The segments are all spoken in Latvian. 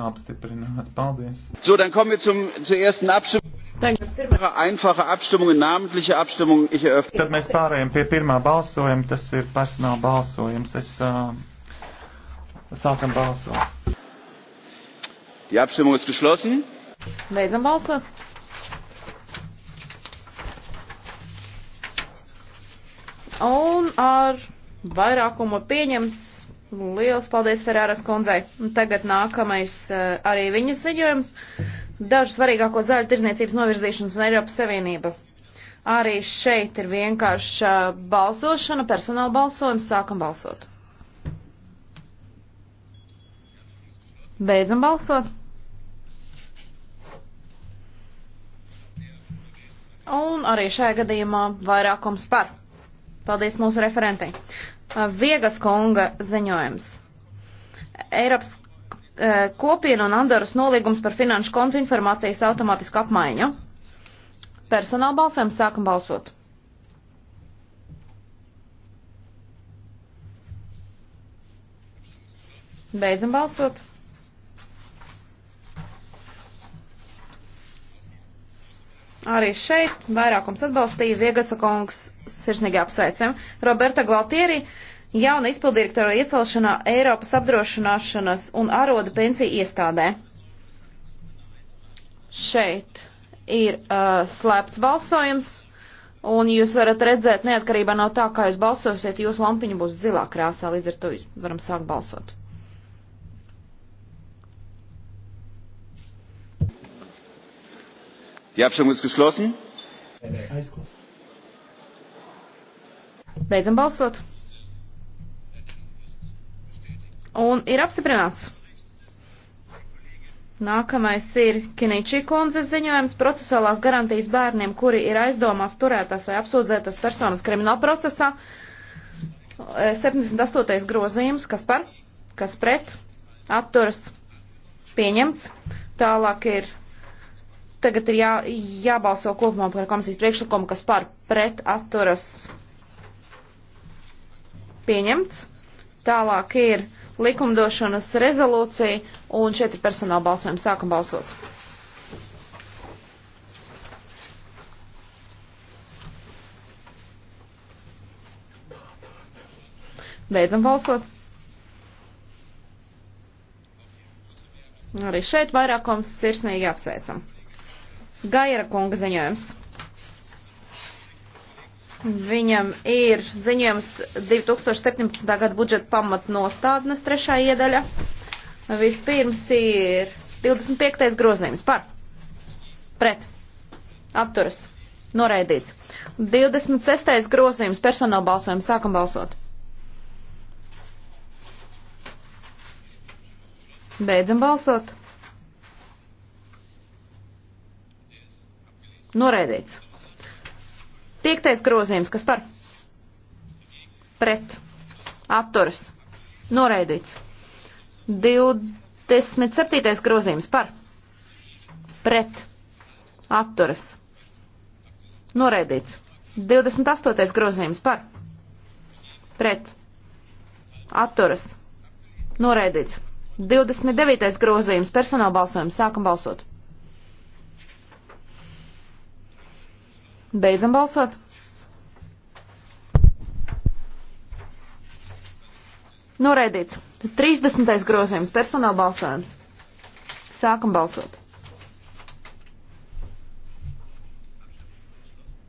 apstiprināt. Paldies! So, dann kommen wir zum, zur ersten Abstimmung. Einfache Abstimmung, namentliche Abstimmung. Ich eröffne. Äh, Tad mēs pārējām pie pirmā balsojuma. Tas ir personāla balsojums. Es uh, sākam balsot. Die Abstimmung ist geschlossen. Beidzam balsot. Un ar vairākumu pieņemts Lielas paldies Ferāras kundzei. Tagad nākamais eh, arī viņas ziņojums. Dažu svarīgāko zaļu tirzniecības novirzīšanas un Eiropas Savienība. Arī šeit ir vienkārša balsošana, personāla balsojums, sākam balsot. Beidzam balsot. Un arī šajā gadījumā vairākums par. Paldies mūsu referentei. Viegas konga ziņojums. Eiropas e, kopiena un Andoras nolīgums par finanšu kontu informācijas automātisku apmaiņu. Personāla balsojums sākam balsot. Beidzam balsot. Arī šeit vairākums atbalstīja Viegasa kungs sirsnīgi apsveicam. Roberta Gualtieri jauna izpildirektora iecelšanā Eiropas apdrošināšanas un ārodu pensiju iestādē. Šeit ir uh, slēpts balsojums, un jūs varat redzēt, neatkarībā no tā, kā jūs balsosiet, jūsu lampiņa būs zilā krāsā, līdz ar to varam sākt balsot. Die Abstimmung ist geschlossen. Beidzam balsot. Un ir apstiprināts. Nākamais ir Kiniči kundzes ziņojums procesuālās garantijas bērniem, kuri ir aizdomās turētās vai apsūdzētas personas krimināla procesā. 78. Eh, grozījums, kas par, kas pret, apturas, pieņemts. Tālāk ir Tagad ir jā, jābalso kopumā par komisijas priekšlikumu, kas par pret atturas pieņemts. Tālāk ir likumdošanas rezolūcija un šeit ir personāla balsojums. Sākam balsot. Beidzam balsot. Arī šeit vairākums sirsnīgi apsveicam. Gaira kunga ziņojums. Viņam ir ziņojums 2017. gada budžeta pamatnostādnes trešā iedaļa. Vispirms ir 25. grozījums par, pret, atturas, noraidīts. 26. grozījums personāla balsojums, sākam balsot. Beidzam balsot. Noraidīts. Piektais grozījums, kas par? Pret. Apturas. Noraidīts. 27. grozījums par. Pret. Apturas. Noraidīts. 28. grozījums par. Pret. Apturas. Noraidīts. 29. grozījums personāla balsojums. Sākam balsot. Beidzam balsot. Noraidīts. 30. grozījums. Personāla balsojums. Sākam balsot.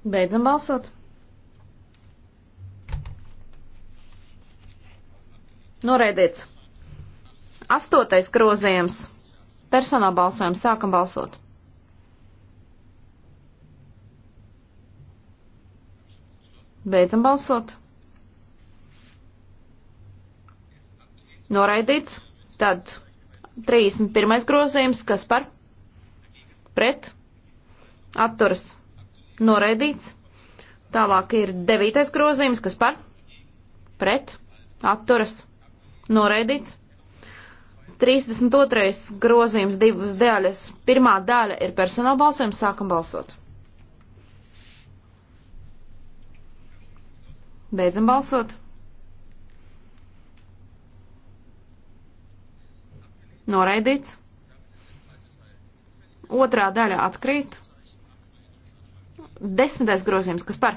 Beidzam balsot. Noraidīts. Astotais grozījums. Personāla balsojums. Sākam balsot. Beidzam balsot. Noraidīts. Tad 31. grozījums, kas par? Pret. Atturas. Noraidīts. Tālāk ir 9. grozījums, kas par? Pret. Atturas. Noraidīts. 32. grozījums divas daļas. Pirmā daļa ir personāla balsojums, sākam balsot. Beidzam balsot. Noraidīts. Otrā daļa atkrīt. Desmitais grozījums, kas par?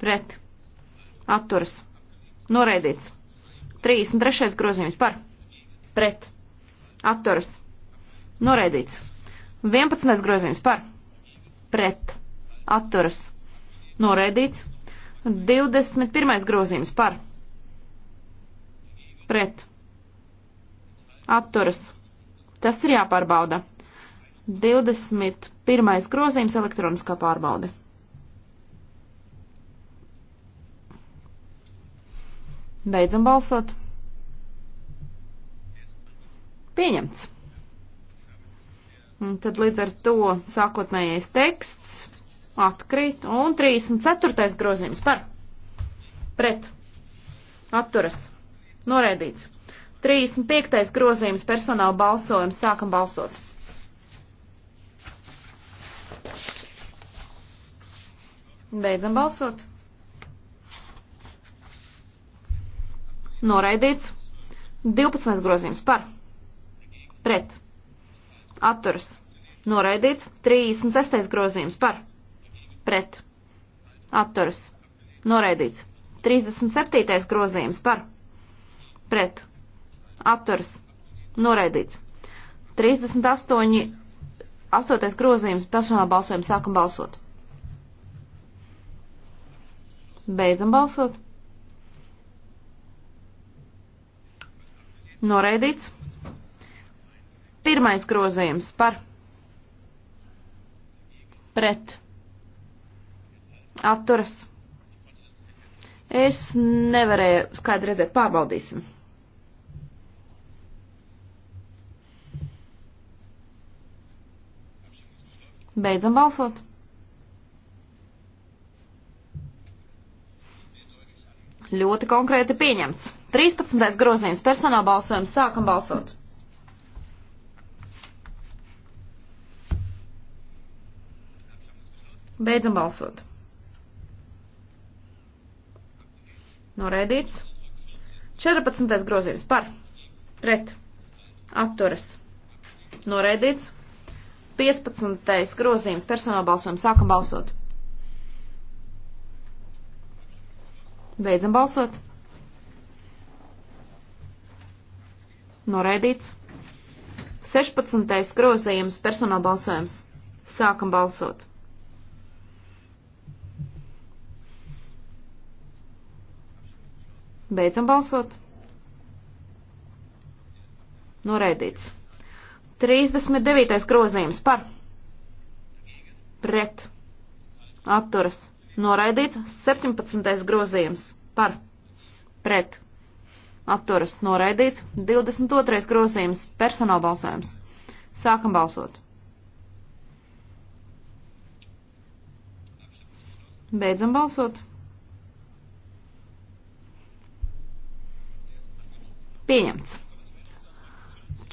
Pret. Atturas. Noraidīts. 33. grozījums par? Pret. Atturas. Noraidīts. 11. grozījums par? Pret. Atturas. Noraidīts. 21. grozījums par pret atturas. Tas ir jāpārbauda. 21. grozījums elektroniskā pārbaude. Beidzam balsot. Pieņemts. Un tad līdz ar to sākotnējais teksts atkrīt, un 34. grozījums par, pret, atturas, noraidīts. 35. grozījums personāla balsojums, sākam balsot. Beidzam balsot. Noraidīts. 12. grozījums par. Pret. Atturas. Noraidīts. 36. grozījums par pret, atturas, noraidīts. 37. grozījums par, pret, atturas, noraidīts. 38. 8. grozījums personāla balsojuma sākam balsot. Beidzam balsot. Noraidīts. Pirmais grozījums par pret Atturas. Es nevarēju skaidri redzēt, pārbaudīsim. Beidzam balsot. Ļoti konkrēti pieņemts. 13. grozījums personāla balsojums. Sākam balsot. Beidzam balsot. Noraidīts. 14. grozījums par. Pret. Atturas. Noraidīts. 15. grozījums personāla balsojuma. Sākam balsot. Beidzam balsot. Noraidīts. 16. grozījums personāla balsojums. Sākam balsot. Beidzam balsot. Noraidīts. 39. grozījums par. Pret. Atturas. Noraidīts. 17. grozījums par. Pret. Atturas. Noraidīts. 22. grozījums. Personāla balsojums. Sākam balsot. Beidzam balsot. Pieņemts.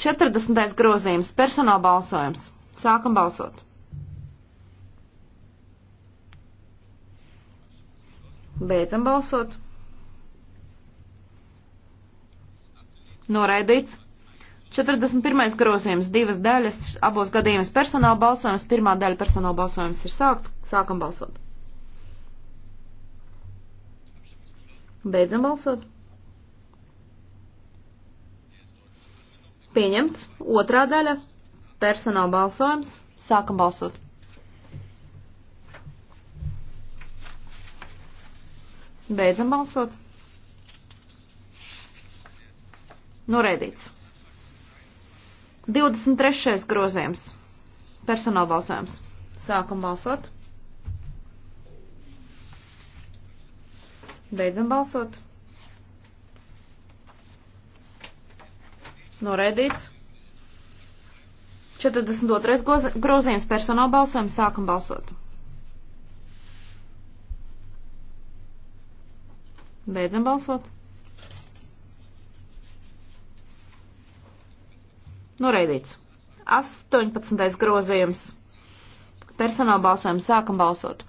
40. grozījums - personāla balsojums. Sākam balsot. Beidzam balsot. Noraidīts. 41. grozījums - divas daļas, abos gadījumos personāla balsojums. Pirmā daļa personāla balsojums ir sākt. Sākam balsot. Beidzam balsot. Pieņemts. Otrā daļa. Personāla balsojums. Sākam balsot. Beidzam balsot. Noreidīts. 23. grozījums. Personāla balsojums. Sākam balsot. Beidzam balsot. Noraidīts. 42. grozījums personāla balsojumu sākam balsot. Beidzam balsot. Noraidīts. 18. grozījums personāla balsojumu sākam balsot.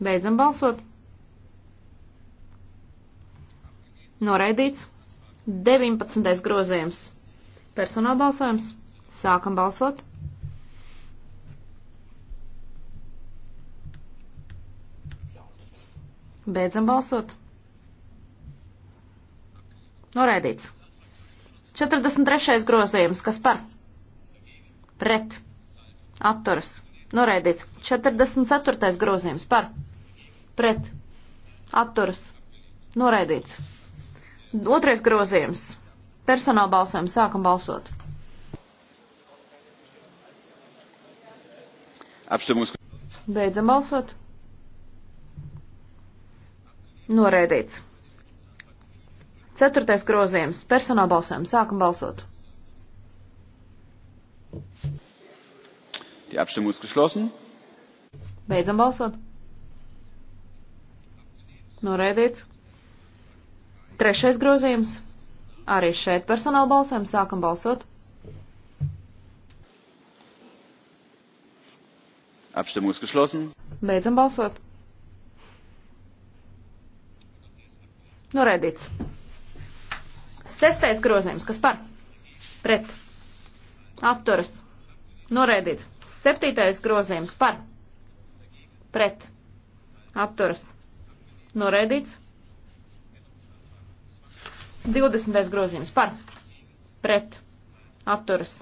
Beidzam balsot. Noraidīts. 19. grozījums. Personāla balsojums. Sākam balsot. Beidzam balsot. Noraidīts. 43. grozījums. Kas par? Pret. Atturas. Noraidīts. 44. grozījums. Par. Pret. Atturas. Noraidīts. Otrais grozījums. Personāla balsojums. Sākam balsot. Apstimus. Beidzam balsot. Noraidīts. Ceturtais grozījums. Personāla balsojums. Sākam balsot. Die Abstimmung ist geschlossen. Beidzam balsot. Noraidīts. Trešais grozījums. Arī šeit personāla balsojam. Sākam balsot. Abstimmung ist geschlossen. Beidzam balsot. Noraidīts. Sestais grozījums. Kas par? Pret. Atturas. Noraidīts. Septītais grozījums. Par. Pret. Atturas. Noraidīts. 20. grozījums par, pret, atturas,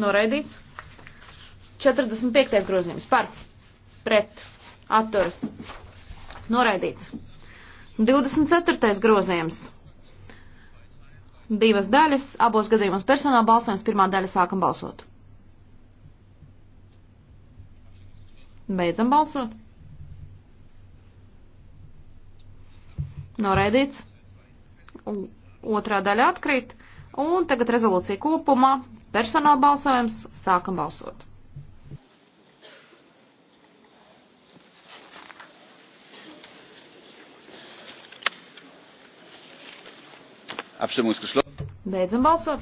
noraidīts. 45. grozījums par, pret, atturas, noraidīts. 24. grozījums. Divas daļas, abos gadījumos personāla balsojums, pirmā daļa sākam balsot. Beidzam balsot. Noraidīts. Un otrā daļa atkrīt, un tagad rezolūcija kopumā, personāla balsojums, sākam balsot. Beidzam balsot.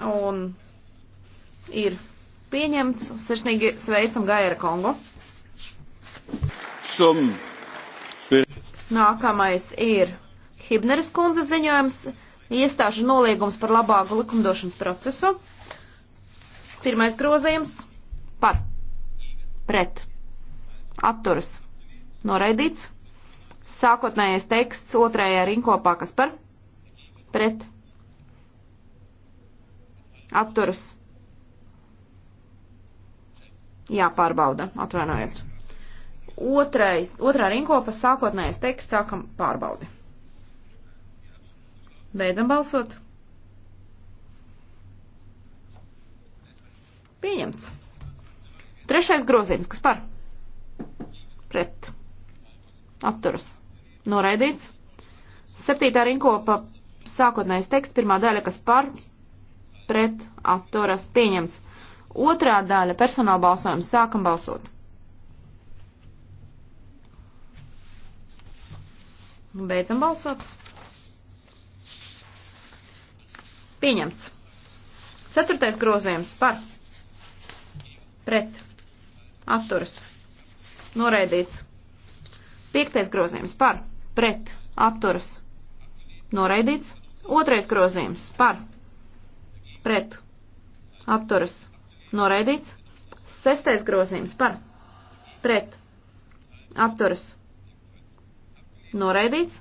Un ir pieņemts. Sirsnīgi sveicam Gaira Kongo. Sum. Nākamais ir Hibneres kundze ziņojums iestāžu noliegums par labāku likumdošanas procesu. Pirmais grozījums par, pret, atturas, noraidīts. Sākotnējais teksts otrajā rinkopā, kas par, pret, atturas. Jāpārbauda, atvainojiet. Otrais, otrā rinkopa sākotnējais teksts sākam pārbaudi. Beidzam balsot. Pieņemts. Trešais grozījums, kas par? Pret. Atturas. Noraidīts. Septītā rinkopa sākotnējais teksts, pirmā daļa, kas par? Pret. Atturas. Pieņemts. Otrā daļa personāla balsojums. Sākam balsot. Beidzam balsot. Pieņemts. Ceturtais grozījums par pret atturas noraidīts. Piektais grozījums par pret atturas noraidīts. Otrais grozījums par pret atturas noraidīts. Sestais grozījums par pret atturas noraidīts Noraidīts.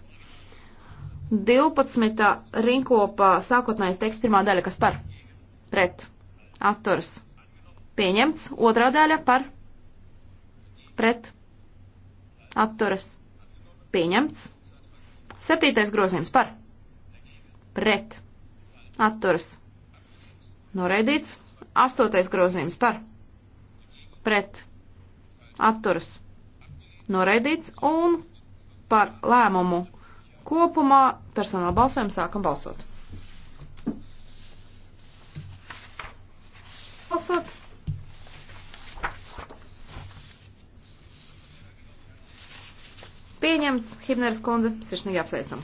12. rinkopā sākotnējais teksts pirmā daļa, kas par pret atturas pieņemts, otrā daļa par pret atturas pieņemts, septītais grozījums par pret atturas noraidīts, astotais grozījums par pret atturas noraidīts un par lēmumu kopumā. Personāla balsojumu sākam balsot. Balsot. Pieņemts, Himneres kundze, sirsnīgi apsveicam.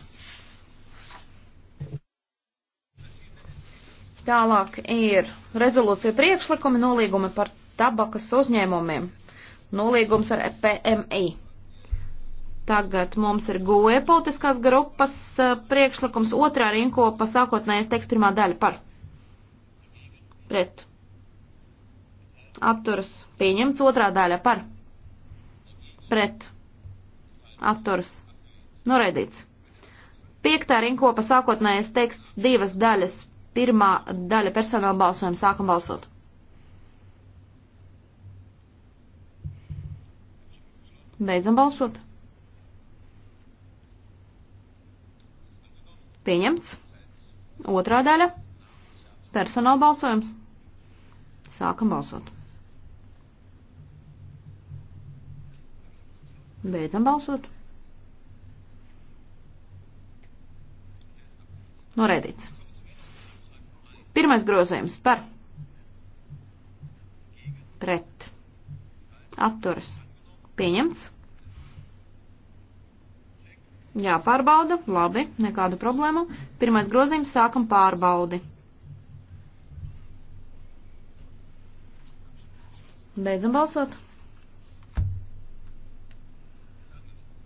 Tālāk ir rezolūcija priekšlikumi nolīgumi par tabakas uzņēmumiem. Nolīgums ar PMI. Tagad mums ir goja politiskās grupas eh, priekšlikums otrā rinkopa sākotnējais teksts pirmā daļa par. Pret. Atturas. Pieņemts otrā daļa par. Pret. Atturas. Noraidīts. Piektā rinkopa sākotnējais teksts divas daļas. Pirmā daļa personāla balsojuma sākam balsot. Beidzam balsot. Pieņemts. Otrā daļa. Personāla balsojums. Sākam balsot. Beidzam balsot. Noraidīts. Pirmais grozījums par pret atturas pieņemts. Jāpārbauda, labi, nekādu problēmu. Pirmais grozījums sākam pārbaudi. Beidzam balsot.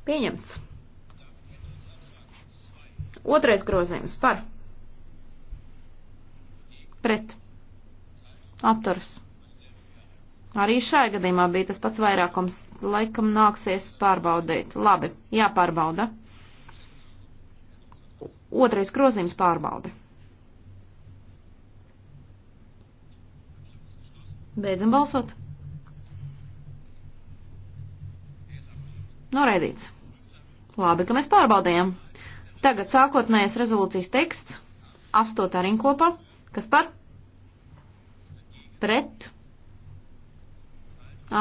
Pieņemts. Otrais grozījums par. Pret. Atturs. Arī šajā gadījumā bija tas pats vairākums. Laikam nāksies pārbaudīt. Labi, jāpārbauda. Otrais grozījums pārbaude. Beidzam balsot. Noraidīts. Labi, ka mēs pārbaudījām. Tagad sākotnējais rezolūcijas teksts, astotā rinkopā, kas par? Pret.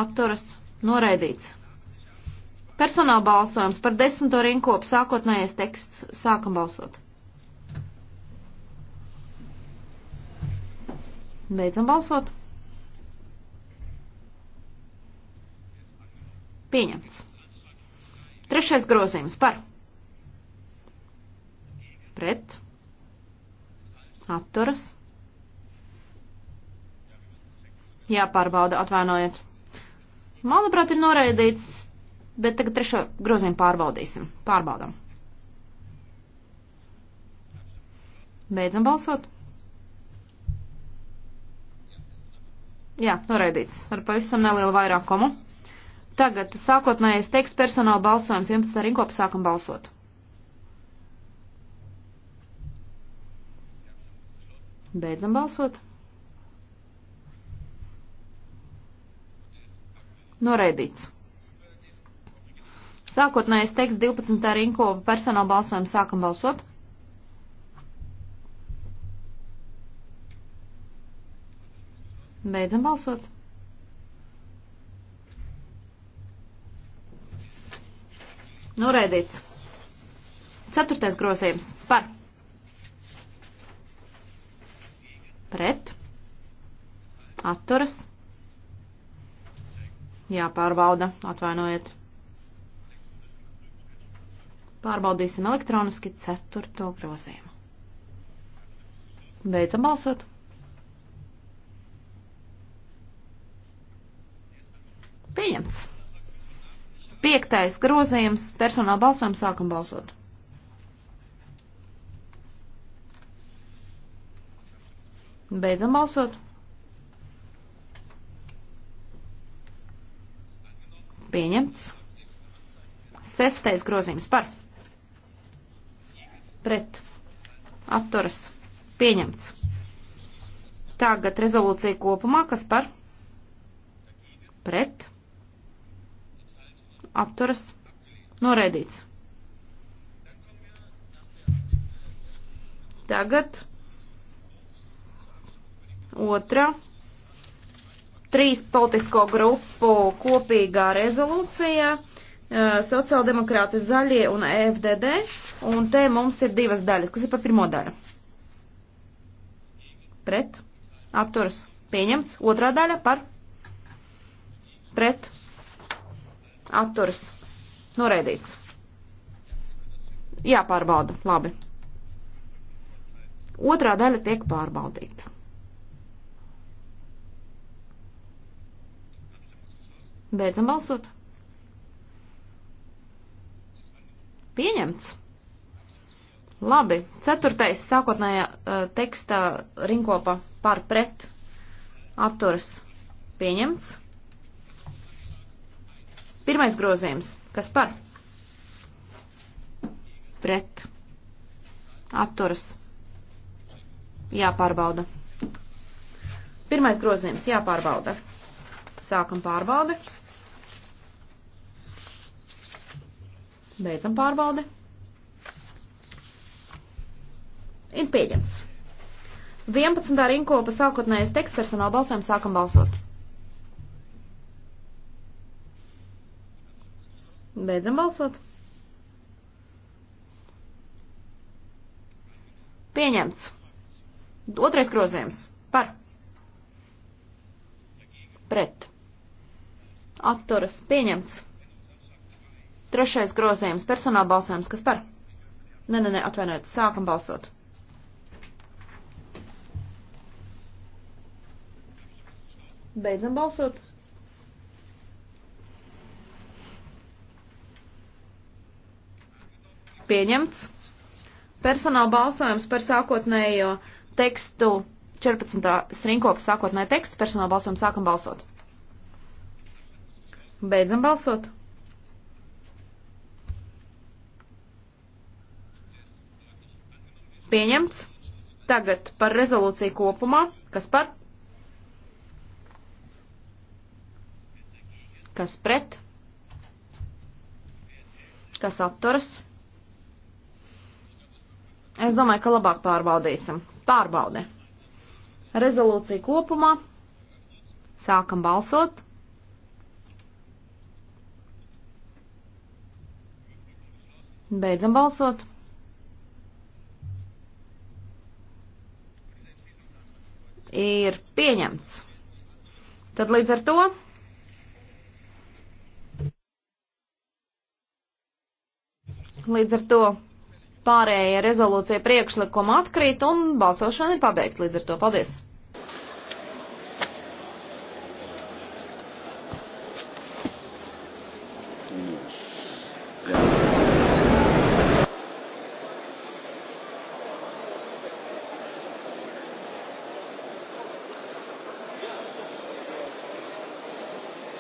Apturas. Noraidīts. Personāla balsojums par desmito rinkopu sākotnējais teksts. Sākam balsot. Beidzam balsot. Pieņemts. Trešais grozījums par. Pret. Atturas. Jāpārbauda, atvainojiet. Manuprāt, ir noraidīts Bet tagad trešo grozījumu pārbaudīsim. Pārbaudam. Beidzam balsot. Jā, noraidīts ar pavisam nelielu vairākumu. Tagad sākotnējais teiks personāla balsojums 11. rinkopu sākam balsot. Beidzam balsot. Noraidīts. Sākotnējais teksts 12. rinko personāla balsojumu sākam balsot. Beidzam balsot. Noraidīts. Ceturtais grozījums par. Pret. Atturas. Jāpārbauda. Atvainojiet. Pārbaudīsim elektroniski ceturto grozījumu. Beidzam balsot. Pieņemts. Piektais grozījums - personāla balsojums sākam balsot. Beidzam balsot. Pieņemts. Sestais grozījums par pret atturas pieņemts. Tagad rezolūcija kopumā, kas par pret atturas noraidīts. Tagad otra trīs politisko grupu kopīgā rezolūcija Eh, sociāldemokrāti zaļie un EFDD, un te mums ir divas daļas, kas ir pa pirmo daļu. Pret, apturas, pieņemts, otrā daļa par, pret, apturas, noraidīts. Jāpārbauda, labi. Otrā daļa tiek pārbaudīta. Beidzam balsot. Pieņemts. Labi. Ceturtais sākotnējā uh, teksta rinkopa par pret atturas pieņemts. Pirmais grozījums. Kas par? Pret. Atturas. Jāpārbauda. Pirmais grozījums jāpārbauda. Sākam pārbaudi. Beidzam pārbaudi. Ir pieņemts. 11. rinkopa sākotnējais teksts personāla balsojums sākam balsot. Beidzam balsot. Pieņemts. Otrais grozījums. Par. Pret. Atturas. Pieņemts. Trešais grozījums - personāla balsojums. Kas par? Nē, nē, nē, atvainojiet. Sākam balsot. Beidzam balsot. Pieņemts. Personāla balsojums par sākotnējo tekstu 14. srinkopa sākotnēju tekstu. Personāla balsojumu sākam balsot. Beidzam balsot. Pieņemts. Tagad par rezolūciju kopumā. Kas par? Kas pret? Kas atturas? Es domāju, ka labāk pārbaudīsim. Pārbaude. Rezolūcija kopumā. Sākam balsot. Beidzam balsot. ir pieņemts. Tad līdz ar to. Līdz ar to pārējie rezolūcija priekšlikuma atkrīt un balsošana ir pabeigta līdz ar to. Paldies!